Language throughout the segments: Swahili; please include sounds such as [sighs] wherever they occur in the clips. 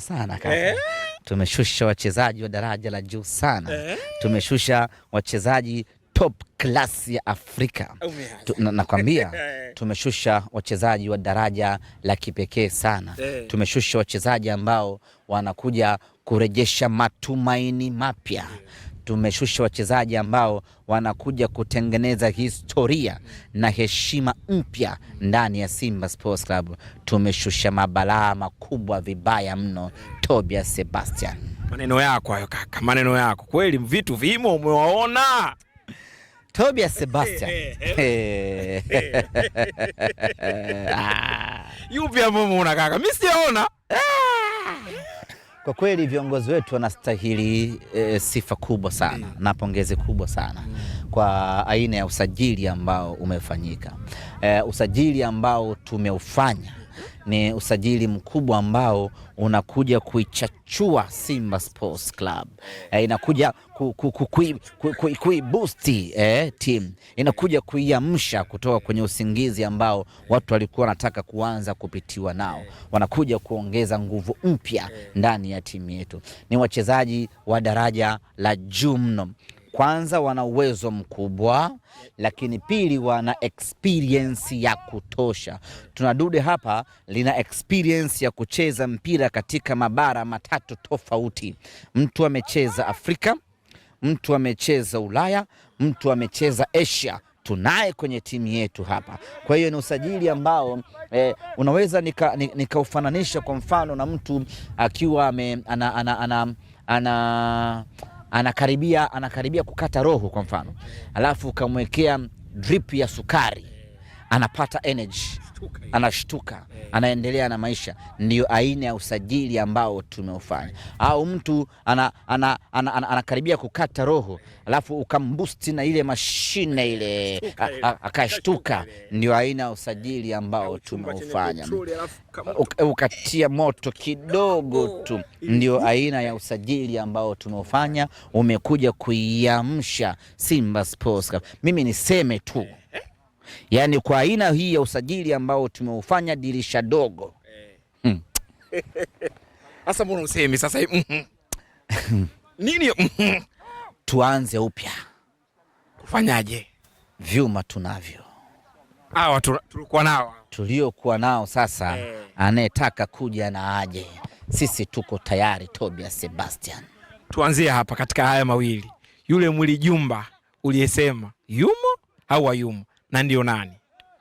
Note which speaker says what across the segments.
Speaker 1: sana kaka eh? Tumeshusha wachezaji wa daraja la juu sana eh? Tumeshusha wachezaji top class ya Afrika nakwambia, na [laughs] eh. tumeshusha wachezaji wa daraja la kipekee sana eh? Tumeshusha wachezaji ambao wanakuja kurejesha matumaini mapya eh? tumeshusha wachezaji ambao wanakuja kutengeneza historia na heshima mpya ndani ya Simba Sports Club. Tumeshusha mabalaa makubwa vibaya mno. Tobias Sebastian,
Speaker 2: maneno yako hayo kaka, maneno yako kweli, vitu vimo, umewaona
Speaker 1: Tobias Sebastian [laughs]
Speaker 2: ah. yupi ambao umeona kaka, mi sijaona ah.
Speaker 1: Kwa kweli viongozi wetu wanastahili e, sifa kubwa sana mm. na pongezi kubwa sana mm. kwa aina ya usajili ambao umefanyika, e, usajili ambao tumeufanya mm ni usajili mkubwa ambao unakuja kuichachua Simba Sports Club eh, inakuja kuibusti eh, timu inakuja kuiamsha kutoka kwenye usingizi ambao watu walikuwa wanataka kuanza kupitiwa nao, wanakuja kuongeza nguvu mpya ndani ya timu yetu. Ni wachezaji wa daraja la juu mno kwanza wana uwezo mkubwa, lakini pili wana experience ya kutosha. Tuna dude hapa lina experience ya kucheza mpira katika mabara matatu tofauti. Mtu amecheza Afrika, mtu amecheza Ulaya, mtu amecheza Asia tunaye kwenye timu yetu hapa. Kwa hiyo ni usajili ambao eh, unaweza nikaufananisha nika kwa mfano na mtu akiwa ame, ana, ana, ana, ana, ana anakaribia anakaribia kukata roho kwa mfano, alafu ukamwekea drip ya sukari, anapata energy anashtuka eh. anaendelea na maisha. Ndiyo aina ya usajili ambao tumeufanya. Au mtu anakaribia ana, ana, ana, ana kukata roho, alafu ukambusti na ile mashine ile akashtuka. Ndio aina ya usajili ambao tumeufanya. Ukatia moto kidogo tu, ndio aina ya usajili ambao tumeufanya, umekuja kuiamsha Simba Sports Club. Mimi niseme tu yani kwa aina hii ya usajili ambao tumeufanya dirisha dogo eh. hmm.
Speaker 2: [laughs] sasa, mbona usemi sasa mm-hmm. [laughs] nini? Mm-hmm.
Speaker 1: Tuanze upya.
Speaker 2: Kufanyaje?
Speaker 1: vyuma tunavyo
Speaker 2: hawa tulikuwa nao
Speaker 1: tuliokuwa nao sasa eh. Anayetaka kuja na aje, sisi tuko tayari. Tobias Sebastian,
Speaker 2: tuanzie hapa katika haya mawili, yule mwili jumba uliyesema yumo au hayumo? na ndio nani?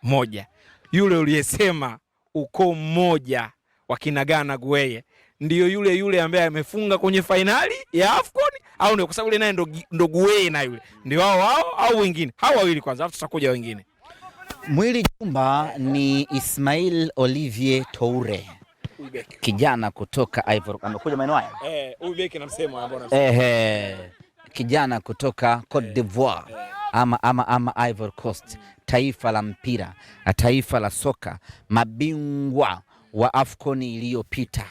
Speaker 2: Moja, yule uliyesema ukoo mmoja wa kinagana gueye ndio yule yule ambaye amefunga kwenye fainali ya AFCON au ndio? Kwa sababu yule naye ndo ndo gueye na yule ndio wao wao au wengine hao wawili kwanza, halafu tutakuja wengine.
Speaker 1: Mwili Jumba ni Ismail Olivier Toure kijana kutoka Ivory
Speaker 2: amekuja maeneo haya eh, huyu beki namsema, ambao
Speaker 1: namsema eh, kijana kutoka Cote d'Ivoire eh ama, ama, ama Ivory Coast, taifa la mpira, taifa la soka, mabingwa wa AFCON iliyopita,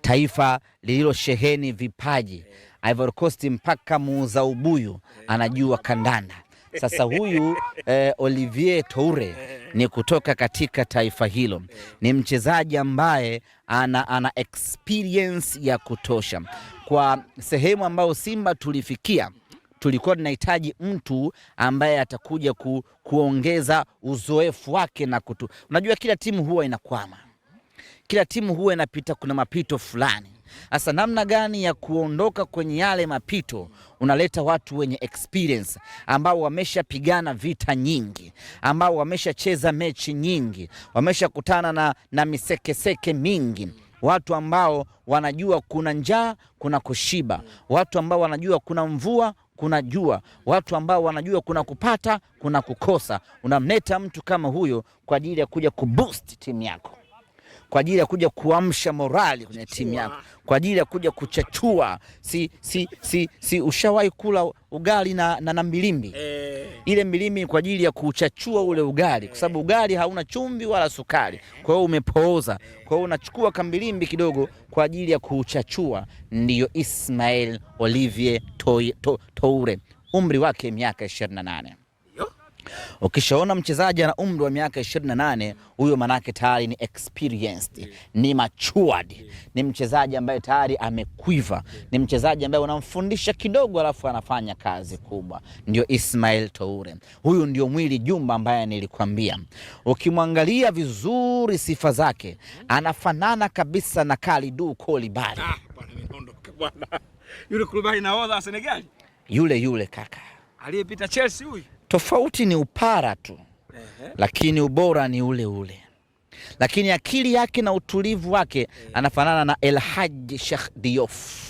Speaker 1: taifa lililosheheni vipaji. Ivory Coast mpaka muuza ubuyu anajua kandanda. Sasa huyu eh, Olivier Toure ni kutoka katika taifa hilo, ni mchezaji ambaye ana, ana experience ya kutosha kwa sehemu ambayo Simba tulifikia tulikuwa tunahitaji mtu ambaye atakuja ku, kuongeza uzoefu wake na kutu. Unajua, kila timu huwa inakwama, kila timu huwa inapita, kuna mapito fulani. Sasa namna gani ya kuondoka kwenye yale mapito? Unaleta watu wenye experience ambao wameshapigana vita nyingi, ambao wameshacheza mechi nyingi, wameshakutana na, na misekeseke mingi watu ambao wanajua kuna njaa, kuna kushiba, watu ambao wanajua kuna mvua, kuna jua, watu ambao wanajua kuna kupata, kuna kukosa. Unamleta mtu kama huyo kwa ajili ya kuja kuboost timu yako kwa ajili ya kuja kuamsha morali kwenye timu yako, kwa ajili ya kuja kuchachua. Si, si, si, si ushawahi kula ugali na, na, na milimbi eh? Ile milimbi ni kwa ajili ya kuchachua ule ugali, kwa sababu eh. ugali hauna chumvi wala sukari, kwa hiyo umepooza. Eh. Kwa hiyo unachukua kambilimbi kidogo kwa ajili ya kuchachua. Ndiyo Ismael Olivier Toure, umri wake miaka 28. Ukishaona mchezaji ana umri wa miaka 28 huyo manake tayari ni experienced, ni matured, ni mchezaji ambaye tayari amekwiva ni mchezaji ambaye unamfundisha kidogo, alafu anafanya kazi kubwa. Ndio Ismail Toure, huyu ndio mwili Jumba ambaye nilikwambia. Ukimwangalia vizuri, sifa zake anafanana kabisa na Kalidou Koulibaly. Ah,
Speaker 2: yule Koulibaly nahodha Senegal,
Speaker 1: yule yule kaka
Speaker 2: aliyepita Chelsea huyu
Speaker 1: Tofauti ni upara tu, lakini ubora ni ule ule, lakini akili yake na utulivu wake eh. anafanana na El Hajj Sheikh Diouf.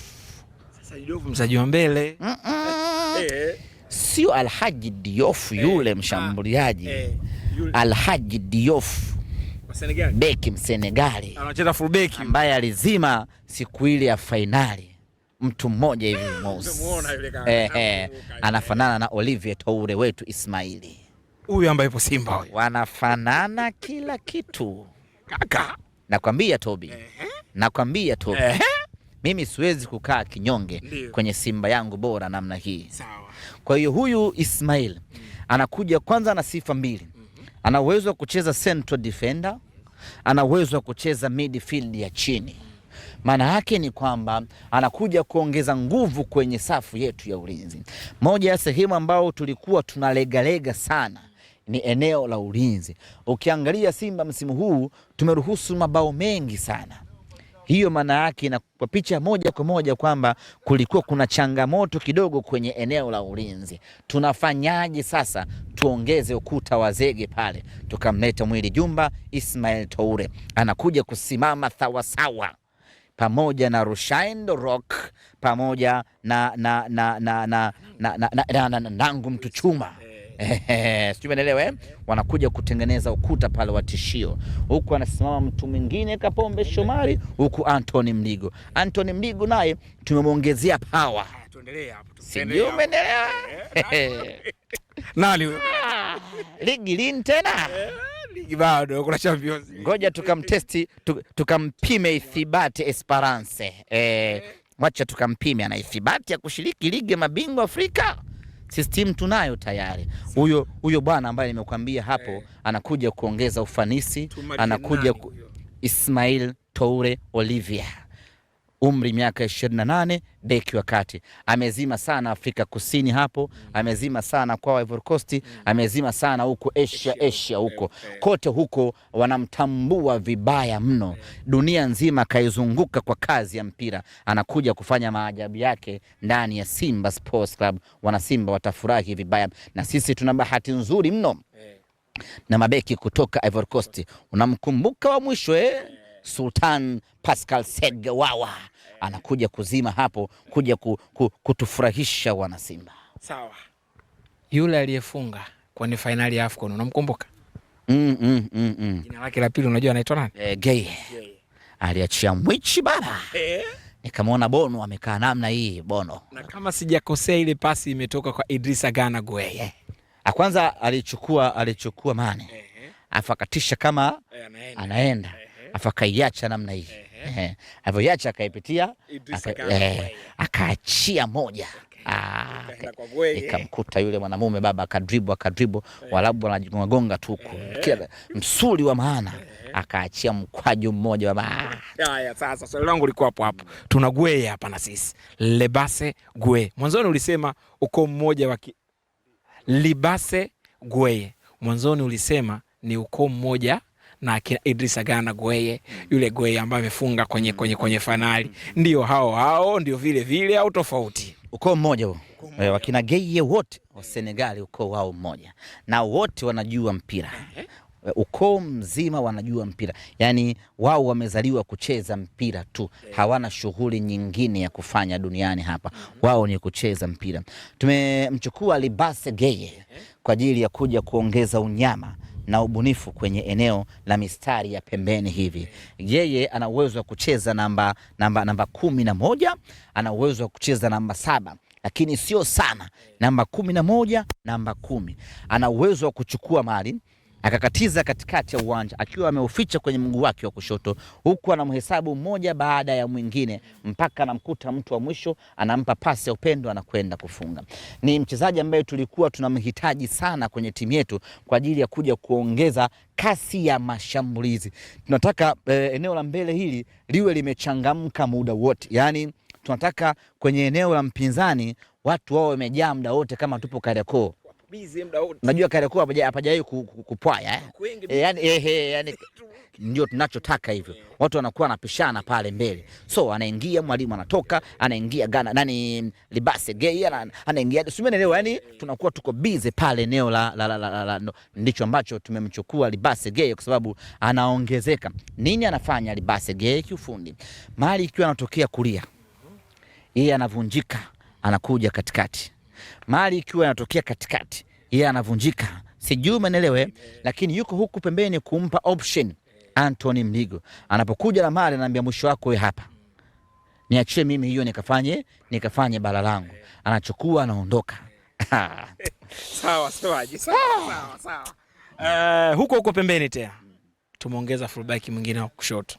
Speaker 2: Sasa Diouf msaji wa mbele mm -mm.
Speaker 1: Sio Al Hajj Diouf eh. yule ah. mshambuliaji, Al Hajj Diouf beki Msenegali
Speaker 2: anacheza fullback
Speaker 1: ambaye alizima siku ile ya fainali mtu mmoja hivi ah, mweusi eh, eh, anafanana na Olivier Toure wetu Ismaili,
Speaker 2: huyu ambaye yupo Simba huyu,
Speaker 1: wanafanana kila kitu kaka. Nakwambia Tobi, nakwambia Tobi mimi siwezi kukaa kinyonge Ndiyo. kwenye Simba yangu bora namna hii sawa. Kwa hiyo huyu Ismail anakuja kwanza na sifa mbili ana uwezo wa kucheza central defender, ana uwezo wa kucheza midfield ya chini maana yake ni kwamba anakuja kuongeza nguvu kwenye safu yetu ya ulinzi. Moja ya sehemu ambayo tulikuwa tunalegalega sana ni eneo la ulinzi. Ukiangalia Simba msimu huu tumeruhusu mabao mengi sana. Hiyo maana yake kwa picha moja kwa moja kwamba kulikuwa kuna changamoto kidogo kwenye eneo la ulinzi. Tunafanyaje sasa tuongeze ukuta wa zege pale? Tukamleta mwili jumba, Ismail Toure anakuja kusimama sawasawa pamoja na Rushine Rock pamoja na na na na na na na Nangu Mtuchuma sijui umeelewa, wanakuja kutengeneza ukuta pale wa tishio. Huku anasimama mtu mwingine Kapombe Shomari, huku Anthony Mligo. Anthony Mligo naye tumemwongezea power, sijui umeendelea nali ligi lini tena
Speaker 2: ligi bado kuna Champions
Speaker 1: League. Ngoja tukamtesti tukampime ithibati Esperance eh, wacha tukampime ana ithibati ya kushiriki ligi ya mabingwa Afrika. System tunayo tayari. Huyo huyo bwana ambaye nimekuambia hapo eh. anakuja kuongeza ufanisi, anakuja ku... Ismail Toure Olivier umri miaka 28, beki wa kati amezima sana Afrika Kusini hapo, amezima sana kwa Ivory Coast, amezima sana huko Asia, Asia eh, huko eh. kote huko wanamtambua vibaya mno. Eh. Dunia nzima kaizunguka kwa kazi ya mpira, anakuja kufanya maajabu yake ndani ya Simba Sports Club. Wanasimba watafurahi vibaya, na sisi tuna bahati nzuri mno na mabeki kutoka Ivory Coast. Unamkumbuka wa mwisho eh? Sultan Pascal Sega wawa anakuja kuzima hapo, kuja ku, ku, kutufurahisha wanasimba.
Speaker 2: Sawa, yule aliyefunga kwenye fainali ya AFCON unamkumbuka?
Speaker 1: mm, mm, mm, mm.
Speaker 2: Jina lake la pili unajua anaitwa nani?
Speaker 1: Eh, Gay aliachia mwichi baba eh. Nikamwona Bono amekaa namna hii Bono,
Speaker 2: na kama sijakosea ile pasi imetoka kwa Idrisa Gana Gueye. Eh. Kwanza alichukua alichukua Mane, eh. afakatisha kama eh, anaenda, afakaiacha namna hii eh, alivyoiacha akaipitia eh, akaachia moja ah, ikamkuta yule mwanamume baba, akadribu akadribu, eh. walabu wanagonga tu eh. kila msuli wa maana, akaachia mkwaju mmoja baba. Ah. Haya, sasa swali langu liko hapo hapo, tuna gwee hapa na sisi lebase gwee. Mwanzoni ulisema ukoo mmoja wa libase gwee, mwanzoni ulisema ni ukoo mmoja na Idris Agana Gweye, mm. yule gweye ambaye amefunga kwenye, mm. kwenye, kwenye fanali, mm. ndio hao hao, ndio vile vile au tofauti?
Speaker 1: Ukoo mmoja huo eh, wakina Geye wote wa Senegali, ukoo wao mmoja na wote wanajua mpira eh? Eh, ukoo mzima wanajua mpira, yaani wao wamezaliwa kucheza mpira tu, hawana shughuli nyingine ya kufanya duniani hapa, wao ni kucheza mpira. Tumemchukua Libase Geye kwa ajili ya kuja kuongeza unyama na ubunifu kwenye eneo la mistari ya pembeni hivi. Yeye ana uwezo wa kucheza namba, namba, namba kumi na moja, ana uwezo wa kucheza namba saba lakini sio sana, namba kumi na moja, namba kumi. Ana uwezo wa kuchukua mali akakatiza katikati ya uwanja akiwa ameuficha kwenye mguu wake wa kushoto, huku anamhesabu mmoja baada ya mwingine mpaka anamkuta mtu wa mwisho, anampa pasi ya upendo, anakwenda kufunga. Ni mchezaji ambaye tulikuwa tunamhitaji sana kwenye timu yetu kwa ajili ya kuja kuongeza kasi ya mashambulizi. Tunataka eh, eneo la mbele hili liwe limechangamka muda wote, yaani tunataka kwenye eneo la mpinzani watu wao wamejaa muda wote, kama tupo Kariakoo busy muda wote. Kariakoo hapajawahi kupwaya eh, eh yani eh, eh, yani ndio tunachotaka hivyo, watu wanakuwa wanapishana pale mbele, so anaingia mwalimu anatoka, anaingia gana nani libase gei anaingia, umeelewa? Yani tunakuwa tuko busy pale eneo la, la, la, la, la Ndicho ambacho tumemchukua libase gei kwa sababu anaongezeka. Nini anafanya libase gei kiufundi? Mali ikiwa anatokea kulia, yeye anavunjika, anakuja katikati mali ikiwa inatokea katikati, yeye anavunjika, sijui umenelewe, lakini yuko huku pembeni kumpa option. Anthony Mligo anapokuja na mali anaambia mwisho wako wewe hapa, niachie mimi hiyo nikafanye nikafanye bala langu, anachukua anaondoka. [laughs] Ah!
Speaker 2: Sawa sawa sawa sawa. Uh, eh, huko huko pembeni tena tumeongeza fullback mwingine wa kushoto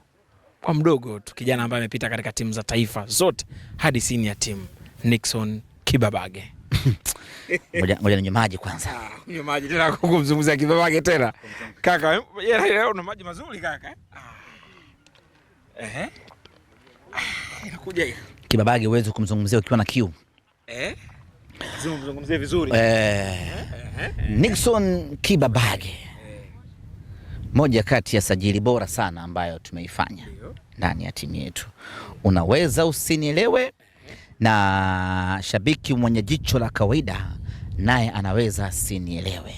Speaker 2: kwa mdogo tu, kijana ambaye amepita katika timu za taifa zote hadi senior team, Nixon Kibabage.
Speaker 1: [coughs] Ngoja ngoja ninywe maji kwanza. Ah,
Speaker 2: maji tena kukumzunguzia kibaba yake tena. Kaka, yeye eh, eh, leo eh, una maji mazuri kaka. Eh? Ah. Ah, inakuja hiyo.
Speaker 1: Kibabage uweze kumzungumzia ukiwa na kiu. Eh?
Speaker 2: Zungumzie vizuri.
Speaker 1: Eh. Nixon Kibabage. Moja kati ya sajili bora sana ambayo tumeifanya ndani ya timu yetu. Unaweza usinielewe na shabiki mwenye jicho la kawaida naye anaweza sinielewe,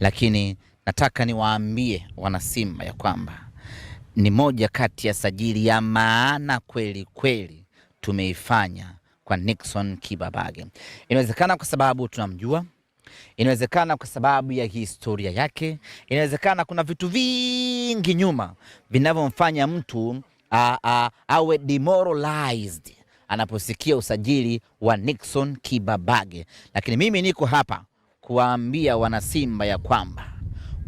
Speaker 1: lakini nataka niwaambie wanasimba ya kwamba ni moja kati ya sajili ya maana kweli kweli tumeifanya kwa Nixon Kibabage. Inawezekana kwa sababu tunamjua, inawezekana kwa sababu ya historia yake, inawezekana kuna vitu vingi nyuma vinavyomfanya mtu a, a, awe demoralized anaposikia usajili wa Nixon Kibabage. Lakini mimi niko hapa kuwaambia wanasimba ya kwamba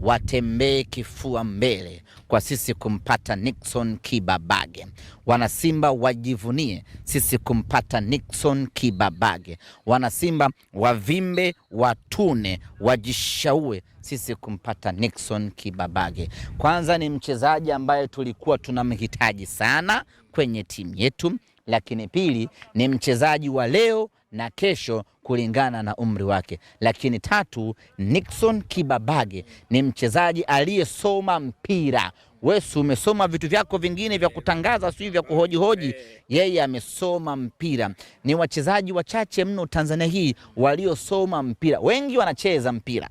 Speaker 1: watembee kifua mbele kwa sisi kumpata Nixon Kibabage. Wanasimba wajivunie sisi kumpata Nixon Kibabage. Wanasimba wavimbe, watune, wajishaue sisi kumpata Nixon Kibabage. Kwanza ni mchezaji ambaye tulikuwa tunamhitaji sana kwenye timu yetu lakini pili ni mchezaji wa leo na kesho kulingana na umri wake, lakini tatu, Nixon Kibabage ni mchezaji aliyesoma mpira. Wesu umesoma vitu vyako vingine vya kutangaza, sio vya kuhojihoji. Yeye amesoma mpira. Ni wachezaji wachache mno Tanzania hii waliosoma mpira, wengi wanacheza mpira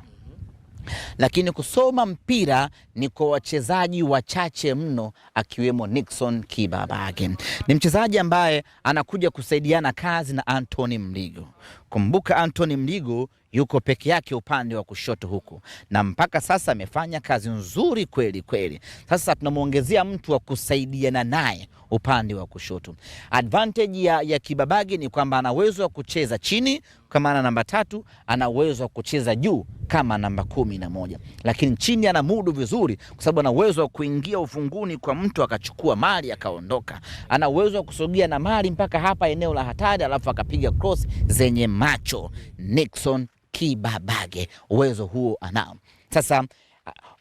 Speaker 1: lakini kusoma mpira ni kwa wachezaji wachache mno, akiwemo Nixon Kibabage. Ni mchezaji ambaye anakuja kusaidiana kazi na Anthony Mligo. Kumbuka Anthony Mligo yuko peke yake upande wa kushoto huku, na mpaka sasa amefanya kazi nzuri kweli kweli. Sasa tunamwongezea mtu wa kusaidiana naye upande wa kushoto. Advantage ya, ya Kibabage ni kwamba ana uwezo wa kucheza chini kama ana namba tatu, ana uwezo wa kucheza juu kama namba kumi na moja, lakini chini ana mudu vizuri, kwa sababu ana uwezo wa kuingia ufunguni kwa mtu akachukua mali akaondoka. Ana uwezo wa kusogea na mali mpaka hapa eneo la hatari, alafu akapiga cross zenye macho Nixon Kibabage, uwezo huo anao. Sasa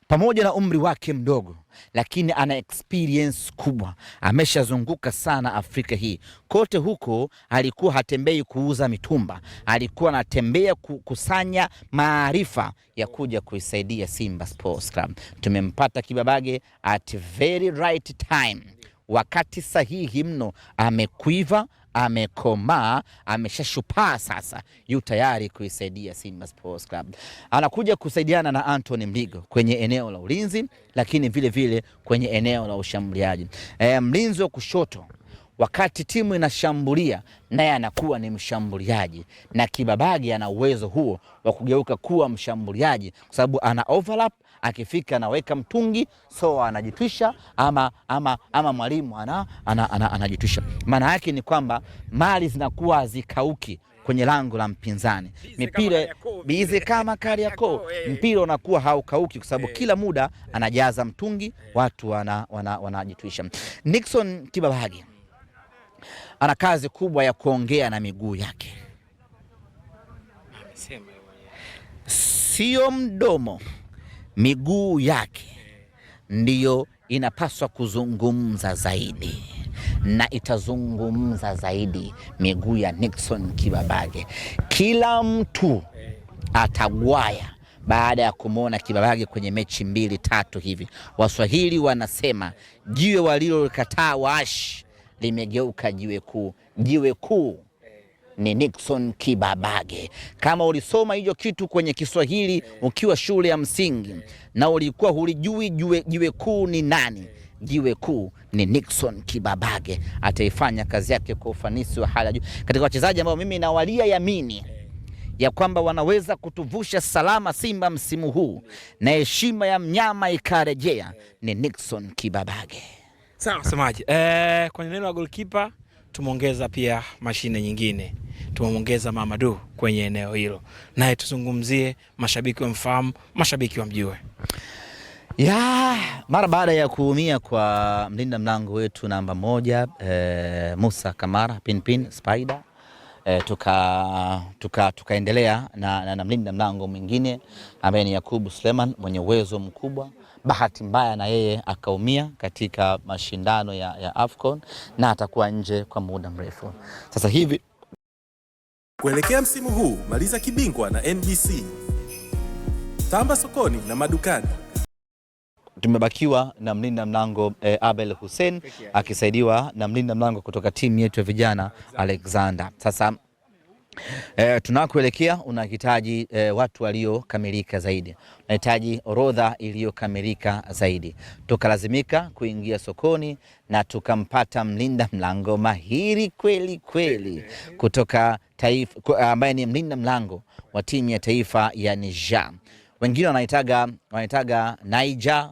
Speaker 1: pamoja na umri wake mdogo, lakini ana experience kubwa, ameshazunguka sana Afrika hii kote. Huko alikuwa hatembei kuuza mitumba, alikuwa anatembea kukusanya maarifa ya kuja kuisaidia Simba Sports Club. Tumempata Kibabage at very right time, wakati sahihi mno, amekuiva amekomaa, ameshashupaa sasa, yu tayari kuisaidia Simba Sports Club. Anakuja kusaidiana na Anthony Mligo kwenye eneo la ulinzi, lakini vile vile kwenye eneo la ushambuliaji. E, mlinzi wa kushoto wakati timu inashambulia naye anakuwa ni mshambuliaji, na Kibabage ana uwezo huo wa kugeuka kuwa mshambuliaji kwa sababu ana overlap akifika anaweka mtungi so anajitwisha, ama, ama, ama mwalimu anajitwisha ana, ana, ana, Maana yake ni kwamba mali zinakuwa hazikauki kwenye lango la mpinzani, mipira bize kama Kariakoo, eh. mpira unakuwa haukauki kwa sababu eh. kila muda anajaza mtungi, watu wanajitwisha. Wana, wana Nixon tibabage ana kazi kubwa ya kuongea na miguu yake, sio mdomo miguu yake ndiyo inapaswa kuzungumza zaidi na itazungumza zaidi miguu ya Nixon Kibabage. Kila mtu atagwaya baada ya kumwona Kibabage kwenye mechi mbili tatu hivi. Waswahili wanasema jiwe walilokataa waashi limegeuka jiwe kuu. Jiwe kuu ni Nixon Kibabage. Kama ulisoma hicho kitu kwenye Kiswahili ukiwa shule ya msingi na ulikuwa hulijui jiwe, jiwe kuu ni nani? Jiwe kuu ni Nixon Kibabage. Ataifanya kazi yake kwa ufanisi wa hali ya juu, katika wachezaji ambao mimi nawalia yamini ya kwamba wanaweza kutuvusha salama Simba msimu huu na heshima ya mnyama ikarejea, ni Nixon Kibabage.
Speaker 2: Sawa msemaji. Eh, kwenye neno la goalkeeper tumeongeza pia mashine nyingine tumemwongeza Mamadu kwenye eneo hilo, naye tuzungumzie, mashabiki wamfahamu, mashabiki wamjue.
Speaker 1: Ya, mara baada ya kuumia kwa mlinda mlango wetu namba moja e, Musa Kamara Pinpin Spider e, eh, tukaendelea tuka, tuka na, na, na mlinda mlango mwingine ambaye ni Yakubu Suleman mwenye uwezo mkubwa. Bahati mbaya na yeye akaumia katika mashindano ya, ya Afcon na atakuwa nje kwa muda mrefu sasa hivi
Speaker 3: Kuelekea msimu huu, maliza kibingwa na NBC. Tamba sokoni na madukani.
Speaker 1: Tumebakiwa na mlinda mlango e, Abel Hussein akisaidiwa na mlinda mlango kutoka timu yetu ya vijana Alexander. Sasa E, eh, tunakuelekea unahitaji e, watu waliokamilika zaidi, unahitaji orodha iliyokamilika zaidi. Tukalazimika kuingia sokoni na tukampata mlinda mlango mahiri kweli kweli kutoka taifa ambaye ni mlinda mlango wa timu ya taifa ya Niger. Wengine wanaitaga wanaitaga Niger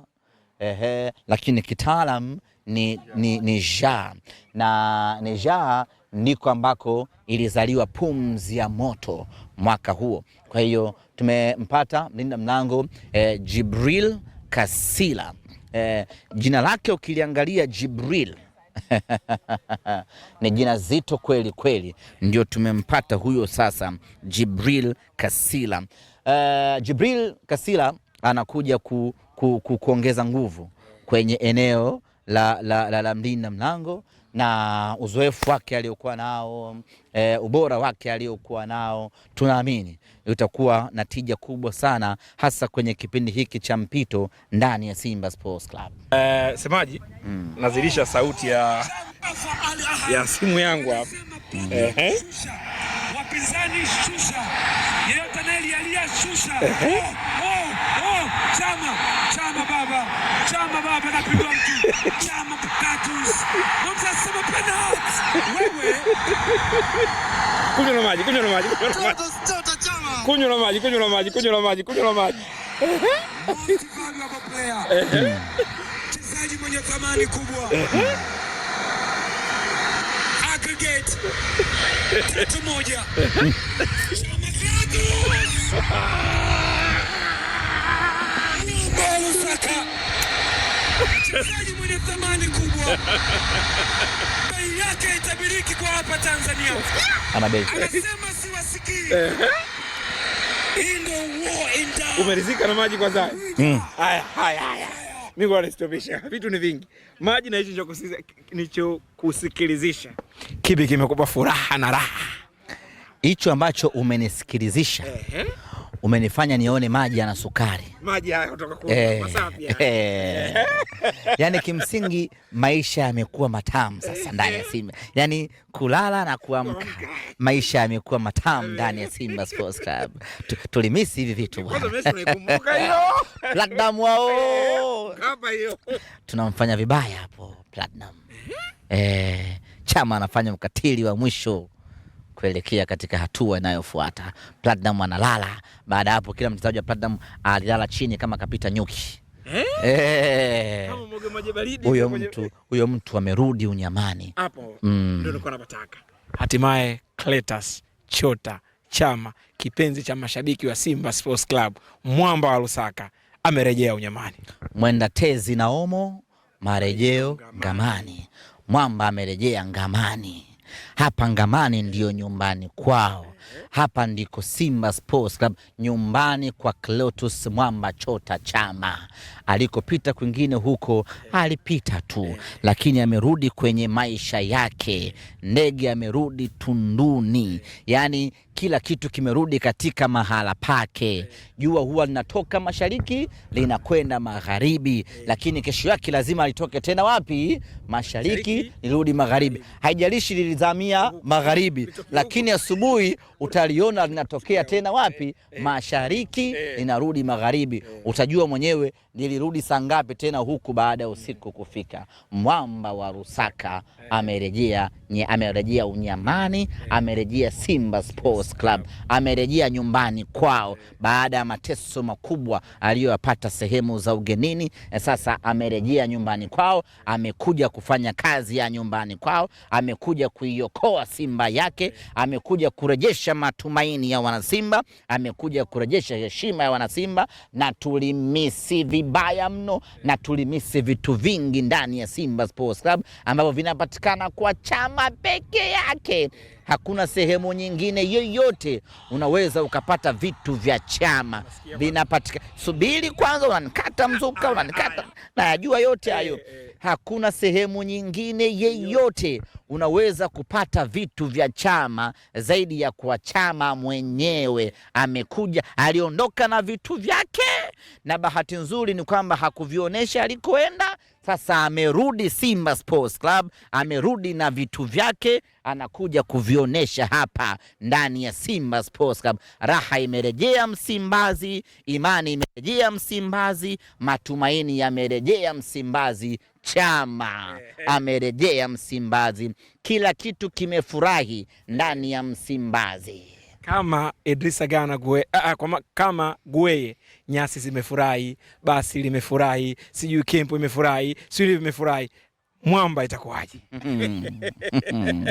Speaker 1: ehe, lakini kitaalam ni, ni, ni Niger na Niger ndiko ambako ilizaliwa pumzi ya moto mwaka huo. Kwa hiyo tumempata mlinda mlango eh, Jibril Kasila eh, jina lake ukiliangalia Jibril [laughs] ni jina zito kweli kweli, ndio tumempata huyo sasa Jibril Kasila. Uh, Jibril Kasila anakuja ku, ku, ku, kuongeza nguvu kwenye eneo la, la, la, la mlinda mlango na uzoefu wake aliokuwa nao e, ubora wake aliokuwa nao, tunaamini utakuwa na tija kubwa sana, hasa kwenye kipindi hiki cha mpito ndani ya Simba Sports Club.
Speaker 2: Eh, semaji mm. Nazilisha sauti ya, ya simu yangu hapa mm. wapinzani shusha, yeyote anayelialia shusha, oh, oh, chama hapa napigwa mtu chama patus na mtasema penalti. Wewe kunywa na maji, kunywa na maji, kunywa na maji, kunywa na maji, kunywa na maji, kunywa na maji. Mchezaji mwenye thamani kubwa aggregate [laughs] tatu moja mchezaji mwenye thamani kubwa, [laughs] bei yake itabiriki kwa hapa Tanzania. anasema siwasikii. Umerizika na maji kwa sasa? Mm. Mm. Haya, haya, haya. Mimi kwa nistobisha. Vitu ni vingi. Maji na hicho nichokusikilizisha.
Speaker 1: Kipi kimekupa furaha na raha? Hicho ambacho umenisikilizisha umenifanya nione maji yana sukari,
Speaker 2: maji haya kutoka kwa Wasafi eh,
Speaker 1: [laughs] eh. Yani kimsingi maisha yamekuwa matamu sasa ndani ya Simba, yani kulala na kuamka, maisha yamekuwa matamu eh. ndani ya Simba Sports Club. Tulimisi hivi vitu bwana, Kwanza mimi hiyo. [laughs] Platinum wao eh, kama hiyo tunamfanya vibaya hapo Platinum eh, eh Chama anafanya mkatili wa mwisho kuelekea katika hatua inayofuata. Platinum analala. Baada hapo, kila mchezaji wa Platinum alilala chini kama kapita nyuki. Eh, eh. huyo mtu huyo mtu amerudi unyamani
Speaker 2: hapo, mm. Ndio nilikuwa napataka. Hatimaye Clatous Chota Chama, kipenzi cha mashabiki wa Simba Sports Club, mwamba wa Lusaka, amerejea unyamani.
Speaker 1: Mwenda tezi na omo marejeo ngamani, mwamba amerejea ngamani hapa Ngamani ndiyo nyumbani kwao. Hapa ndiko Simba Sports Club, nyumbani kwa Clatous Mwamba Chota Chama. Alikopita kwingine huko alipita tu, lakini amerudi kwenye maisha yake. Ndege amerudi tunduni, yaani kila kitu kimerudi katika mahala pake. Jua huwa linatoka mashariki linakwenda magharibi, lakini kesho yake lazima litoke tena wapi? Mashariki lirudi magharibi, haijalishi lilizamia magharibi, lakini asubuhi uta utaliona linatokea tena wapi? Eh. Mashariki eh. linarudi magharibi, eh. utajua mwenyewe lilirudi saa ngapi tena huku baada ya usiku kufika. Mwamba wa Rusaka amerejea, amerejea unyamani, amerejea Simba Sports Club, amerejea nyumbani kwao baada ya mateso makubwa aliyoyapata sehemu za ugenini. Sasa amerejea nyumbani kwao, amekuja kufanya kazi ya nyumbani kwao, amekuja kuiokoa Simba yake, amekuja kurejesha matumaini ya Wanasimba, amekuja kurejesha heshima ya Wanasimba, na tulimisi vibaya mno na tulimisi vitu vingi ndani ya Simba Sports Club ambavyo vinapatikana kwa chama peke yake. Hakuna sehemu nyingine yoyote unaweza ukapata vitu vya chama vinapatikana. Subiri kwanza, unanikata mzuka, unanikata, nayajua yote hayo. Eh, eh. Hakuna sehemu nyingine yeyote unaweza kupata vitu vya chama zaidi ya kwa chama mwenyewe. Amekuja, aliondoka na vitu vyake, na bahati nzuri ni kwamba hakuvionyesha alikoenda. Sasa amerudi Simba Sports Club, amerudi na vitu vyake, anakuja kuvionyesha hapa ndani ya Simba Sports Club. Raha imerejea Msimbazi, imani imerejea Msimbazi, matumaini yamerejea Msimbazi. Chama amerejea Msimbazi, kila kitu kimefurahi ndani ya Msimbazi
Speaker 2: kama Idrisa Gana Gueye, ah, ah, a, a, kama Gueye nyasi zimefurahi, basi limefurahi, sijui kempo imefurahi, sijui imefurahi, mwamba itakuwaje? Mm-hmm.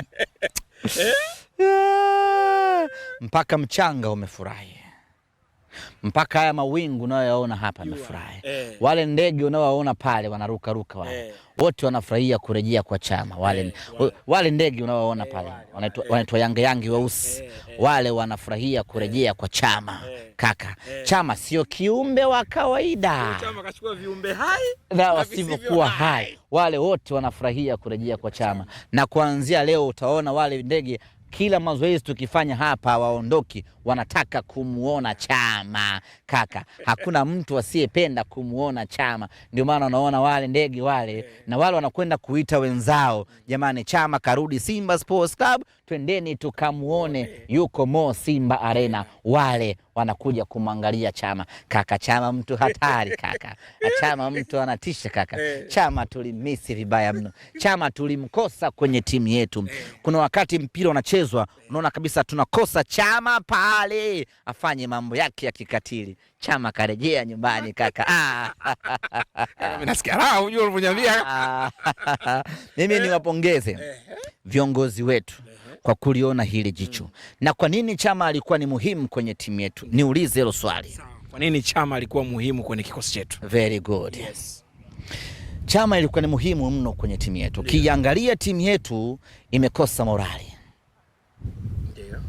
Speaker 1: [laughs] [laughs] mpaka mchanga umefurahi mpaka haya mawingu unayoyaona hapa nafurahi eh. Wale ndege unaowaona pale wanarukaruka wale eh. wote wanafurahia kurejea kwa chama wale, eh, wale, wale ndege unaowaona eh, pale wanaitwa eh, yange weusi eh, eh, wale wanafurahia kurejea eh, kwa chama eh, kaka eh, chama sio kiumbe wa kawaida,
Speaker 2: chama kachukua hai
Speaker 1: wasivyokuwa hai, wale wote wanafurahia kurejea kwa chama, na kuanzia leo utaona wale ndege kila mazoezi tukifanya hapa waondoki, wanataka kumwona Chama kaka. Hakuna mtu asiyependa kumwona Chama, ndio maana wanaona wale ndege wale na wale wanakwenda kuita wenzao, jamani, Chama karudi Simba Sports Club, twendeni tukamuone, yuko Mo Simba Arena, wale wanakuja kumwangalia Chama. Kaka Chama mtu hatari kaka, Chama mtu anatisha kaka. Eh. Chama tulimisi vibaya mno, Chama tulimkosa kwenye timu yetu. Eh. Kuna wakati mpira unachezwa, unaona kabisa tunakosa Chama pale afanye mambo yake ya kikatili. Chama karejea nyumbani kaka. [laughs] Ah. Eh,
Speaker 2: ah, ah.
Speaker 1: [laughs] Mimi niwapongeze viongozi wetu kwa kuliona hili jicho mm. Na kwa nini Chama alikuwa ni muhimu kwenye timu yetu? Niulize hilo swali,
Speaker 2: kwa nini Chama alikuwa muhimu kwenye kikosi chetu?
Speaker 1: Very good. Yes. Chama ilikuwa ni muhimu mno kwenye timu yetu. kiangalia timu yetu imekosa morali yeah.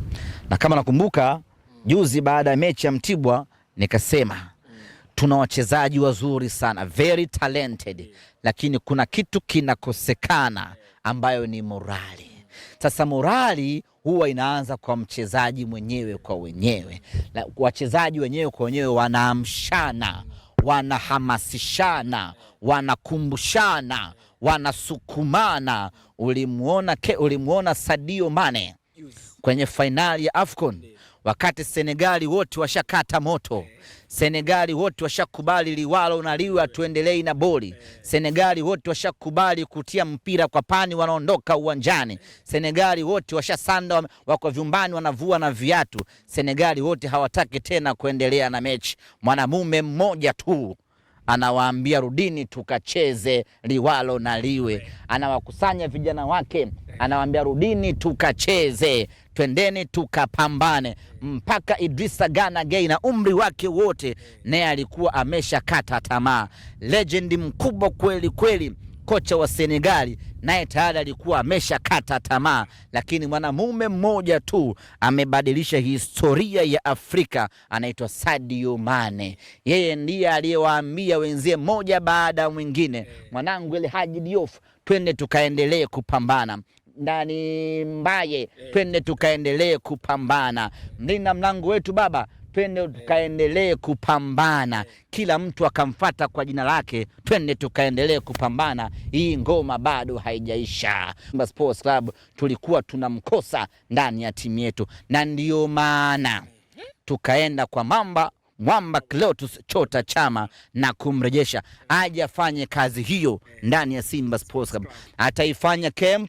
Speaker 1: Na kama nakumbuka juzi baada ya mechi ya Mtibwa nikasema tuna wachezaji wazuri sana very talented Lakini kuna kitu kinakosekana ambayo ni morali sasa morali huwa inaanza kwa mchezaji mwenyewe kwa wenyewe, wachezaji wenyewe kwa wenyewe wanaamshana, wanahamasishana, wanakumbushana, wanasukumana. Ulimuona, ulimwona Sadio Mane kwenye fainali ya AFCON wakati Senegali wote washakata moto Senegali wote washakubali liwalo na liwa, tuendelei na boli. Senegali wote washakubali kutia mpira kwa pani, wanaondoka uwanjani. Senegali wote washasanda, wako vyumbani, wanavua na viatu. Senegali wote hawataki tena kuendelea na mechi. Mwanamume mmoja tu anawaambia rudini, tukacheze liwalo na liwe. Anawakusanya vijana wake, anawaambia rudini, tukacheze twendeni tukapambane mpaka Idrisa Gana Gay na umri wake wote, naye alikuwa ameshakata tamaa. Legend mkubwa kweli kweli, kocha wa Senegali naye tayari alikuwa ameshakata tamaa, lakini mwanamume mmoja tu amebadilisha historia ya Afrika, anaitwa Sadio Mane. Yeye ndiye aliyewaambia wenzie moja baada ya mwingine, mwanangu elhaji Hadji Diouf, twende tukaendelee kupambana ndani mbaye hey. Twende tukaendelee kupambana, mlinda mlango wetu Baba, twende tukaendelee kupambana, kila mtu akamfata kwa jina lake. Twende tukaendelee kupambana, hii ngoma bado haijaisha. Simba Sports Club tulikuwa tunamkosa ndani ya timu yetu, na ndiyo maana tukaenda kwa mamba mwamba Clatous Chota Chama na kumrejesha aje afanye kazi hiyo ndani ya Simba Sports Club, ataifanya camp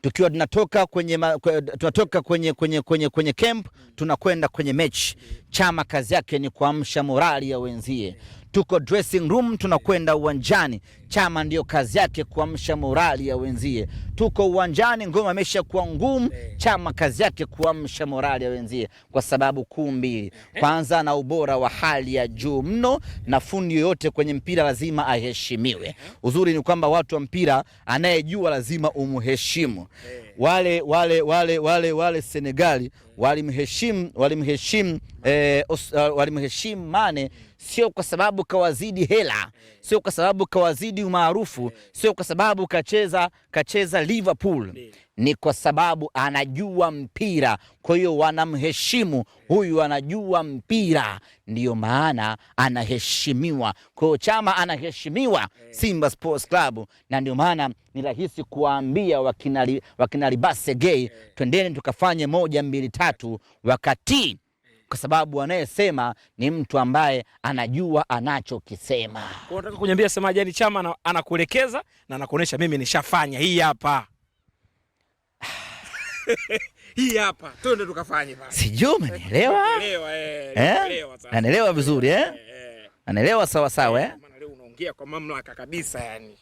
Speaker 1: tukiwa tunatoka kwenye, tunatoka kwenye, kwenye, kwenye, kwenye camp tunakwenda kwenye mechi. Chama kazi yake ni kuamsha morali ya wenzie. Tuko dressing room tunakwenda uwanjani. Chama ndiyo kazi yake kuamsha morali ya wenzie. Tuko uwanjani, ngoma imesha kuwa ngumu. Chama kazi yake kuamsha morali ya wenzie kwa sababu kuu mbili. Kwanza, na ubora wa hali ya juu mno, na fundi yoyote kwenye mpira lazima aheshimiwe. Uzuri ni kwamba watu wa mpira, anayejua lazima umheshimu. Hey. Eh, wale, wale, wale, wale, wale Senegali walimheshimu walimheshimu eh, eh, walimheshimu Mane sio kwa sababu kawazidi hela, sio kwa sababu kawazidi umaarufu, sio kwa sababu kacheza kacheza Liverpool, ni kwa sababu anajua mpira. Kwa hiyo wanamheshimu huyu, anajua mpira, ndiyo maana anaheshimiwa. Kwa hiyo Chama anaheshimiwa Simba Sports Club, na ndio maana ni rahisi kuwaambia wakina, wakina na Segei, eh. twendeni tukafanye moja mbili tatu wakati, kwa sababu anayesema ni mtu ambaye anajua anachokisema.
Speaker 2: Unataka kuniambia semaje? Yani Chama anakuelekeza na anakuonyesha mimi nishafanya hii hapa [sighs] hii hapa twende tukafanye
Speaker 1: basi. Sijui umenielewa? Anaelewa eh, eh? vizuri eh? Anaelewa sawa sawa eh?
Speaker 2: Maana leo unaongea kwa mamlaka kabisa yani.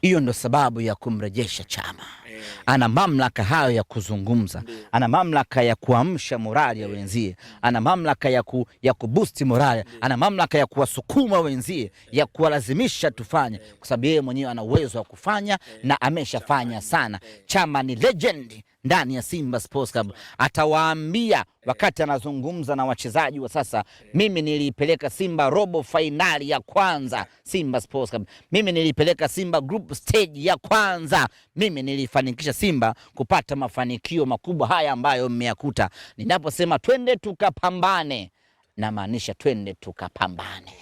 Speaker 1: Hiyo ndo sababu ya kumrejesha Chama. Eh. Ana mamlaka hayo ya kuzungumza, ana mamlaka ya kuamsha morali ya eh. wenzie, ana mamlaka ya, ku, ya kubusti morali, ana mamlaka ya kuwasukuma wenzie, ya eh. kuwalazimisha tufanye, kwa sababu yeye mwenyewe ana uwezo wa kufanya na ameshafanya sana. Chama ni legend ndani ya Simba Sports Club, atawaambia wakati anazungumza na wachezaji wa sasa, mimi niliipeleka Simba robo fainali ya kwanza Simba Sports Club, mimi niliipeleka Simba group stage ya kwanza, mimi nilifanikisha Simba kupata mafanikio makubwa haya ambayo mmeyakuta. Ninaposema twende tukapambane, namaanisha twende tukapambane.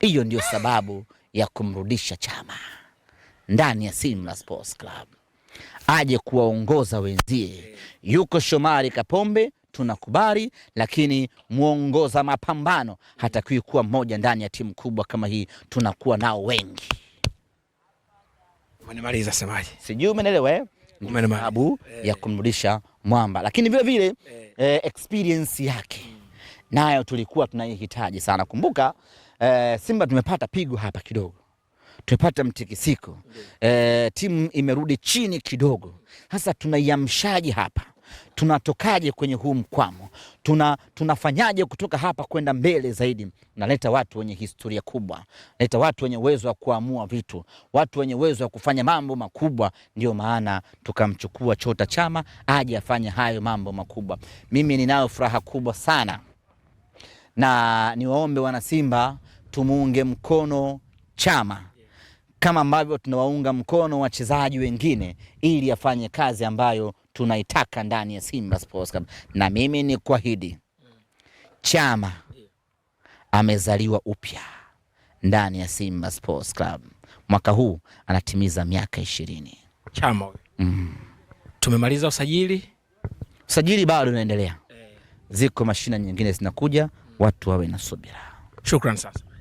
Speaker 1: Hiyo ndio sababu ya kumrudisha Chama ndani ya Simba Sports Club aje kuwaongoza wenzie. Yuko Shomari Kapombe tunakubali, lakini mwongoza mapambano hatakiwi kuwa mmoja ndani ya timu kubwa kama hii. Tunakuwa nao wengi.
Speaker 2: Umenimaliza semaji,
Speaker 1: sijui umenelewa eh? sababu ya eh. kumrudisha mwamba, lakini vile vile eh. experience yake nayo tulikuwa tunaihitaji sana. Kumbuka Simba tumepata pigo hapa kidogo tumepata mtikisiko e, timu imerudi chini kidogo. Sasa tunaiamshaje hapa? Tunatokaje kwenye huu mkwamo? Tuna, tunafanyaje kutoka hapa kwenda mbele zaidi? Naleta watu wenye historia kubwa, naleta watu wenye uwezo wa kuamua vitu, watu wenye uwezo wa kufanya mambo makubwa. Ndio maana tukamchukua Chota Chama aje afanye hayo mambo makubwa. Mimi ninayo furaha kubwa sana, na niwaombe wanasimba tumuunge mkono Chama kama ambavyo tunawaunga mkono wachezaji wengine ili afanye kazi ambayo tunaitaka ndani ya Simba Sports Club. Na mimi ni kuahidi Chama amezaliwa upya ndani ya Simba Sports Club, mwaka huu anatimiza miaka ishirini.
Speaker 2: Chama mm. Tumemaliza usajili,
Speaker 1: usajili bado unaendelea, eh. ziko mashina nyingine zinakuja, mm. watu wawe na subira.
Speaker 2: Shukran sasa